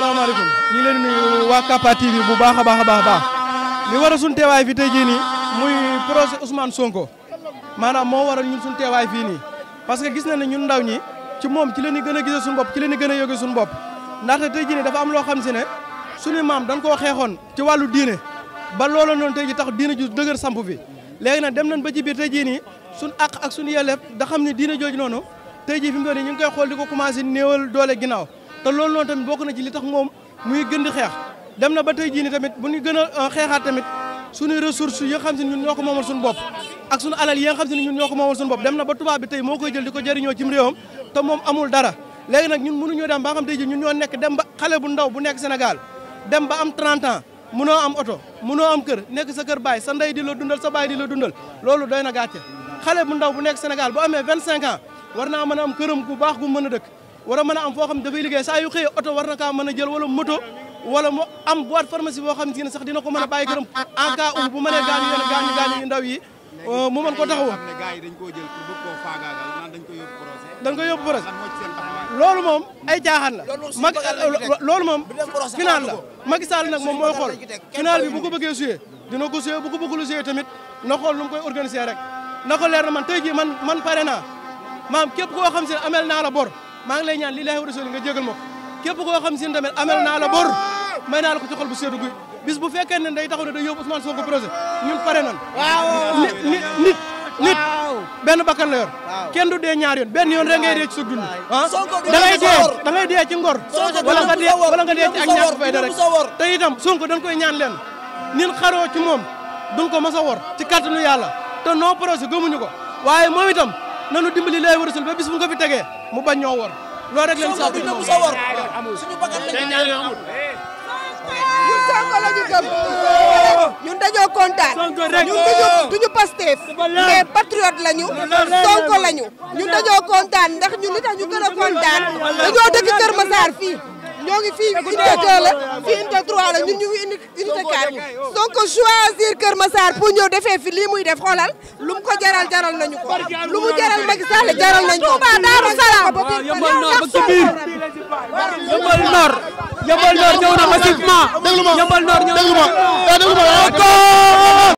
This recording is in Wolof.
salaamaaleykum ñu leen waa Capa TV bu baax a baax a baax baax war a teewaay fi tey jii nii muy projet Ousmane Sonko maanaam moo waral ñun suñu teewaay fii nii parce que gis na ne ñun ndaw ñi ci moom ci leen di gën a gisee suñu bopp ci leen gën a yëge suñu bopp ndaxte tey jii nii dafa am loo xam si ne suñu maam dañ koo xeexoon ci wàllu diine ba loola noonu tey ji tax diine ju dëgër samp bi léegi nag dem nañ ba ci biir tey jii nii suñu àq ak suñu yelleef da ni ne diine jooj noonu te jii fi mu ñu ngi koy xool di ko commencé néewal doole ginnaaw te loolu noonu tamit bokk na ci li tax moom muy gën di xeex dem na ba tey jii ni tamit bu ñu gën a euh, xeexaat tamit suñu ressource yi nga xam si ne ñun ñoo ko moomal suñu bopp ak suñu alal yi nga xam si ne ñun ñoo ko moomal suñu bopp dem na ba tubaab bi tey moo koy jël di ko jëriñoo cim réewam te amul dara léegi nag ñun mënuñoo dem ba nga xam tey jii ñun ñoo nekk dem ba xale bu ndaw bu nekk senegal dem ba am 30 ans mënoo am oto mënoo am kër nekk sa kër baay sa ndey di dundal sa baay di la dundal loolu doy na gàcce xale bu ndaw bu nekk Sénégal bu amee 25 ans war naa mën a am këram gu baax gu mën dëkk war a mën a am foo xam ne dafay liggéey saa yu xëyee oto war na kaa mën a jël wala moto wala mu am boîte pharmacie boo xam si na sax dina ko mën a bàyyi këram en cas où bu mënee gaañu yenn gaañu gaañu yu ndaw yi euh, mu mën ko taxawoo dañ ko yóbbu procès loolu moom ay caaxaan la mag loolu moom final la Macky Sall nag moom mooy xool final bi bu ko bëggee suyee dina ko suyee bu ko bëggul tamit na xool nu mu koy organiser rek na ko leer na man tey jii man man pare naa maam képp koo xam si ne naa la bor maa ngi lay ñaan li laahi wa rasuli nga jégal ma ko képp koo xam si ne tamit naa la bor may naa la ko ci xol bu seddu guy bis bu fekkee ne day taxaw ne day yóbbu Ousmane Sonko projet ñun pare nan waaw nit benn bakkan la yor kenn du dee ñaar yoon benn yoon rek ngay dee ci sa dund ah da ngay dee da ngay dee ci ngor wala nga dee wala nga dee ci ak ñàkk fayda rek te itam Sonko dañ koy ñaan leen nin xaroo ci moom duñ ko mas a wor ci kàttanu yàlla te non projet gëmuñu ko waaye moom itam nanu dimbali lay wërësul ba bis bu ñu ko fi tegee mu bañ ñoo wor loolu rek leen saako ñu sa wor la ñu gëm ñun dañoo kontaan ñun duñu duñu Pastef mais patriote lañu Sonko lañu ñun dañoo kontaan ndax ñun li tax ñu gën a kontaan dañoo dëkk Kër Massar fii ñoo ngi fii unité 2 la fii unité 3 la ñun ñu ngi indi yaakaar oh. Sonko choisir Kër Massar pour ñëw defee fi lii muy def xoolal lu ko jaral jaral nañu ko lu mu jaral Macky Sall jaral nañu ko. Touba Darou Salaam yëmbal Nord ba ci biir yëmbal Nord yëmbal Nord ñëw na massivement yëmbal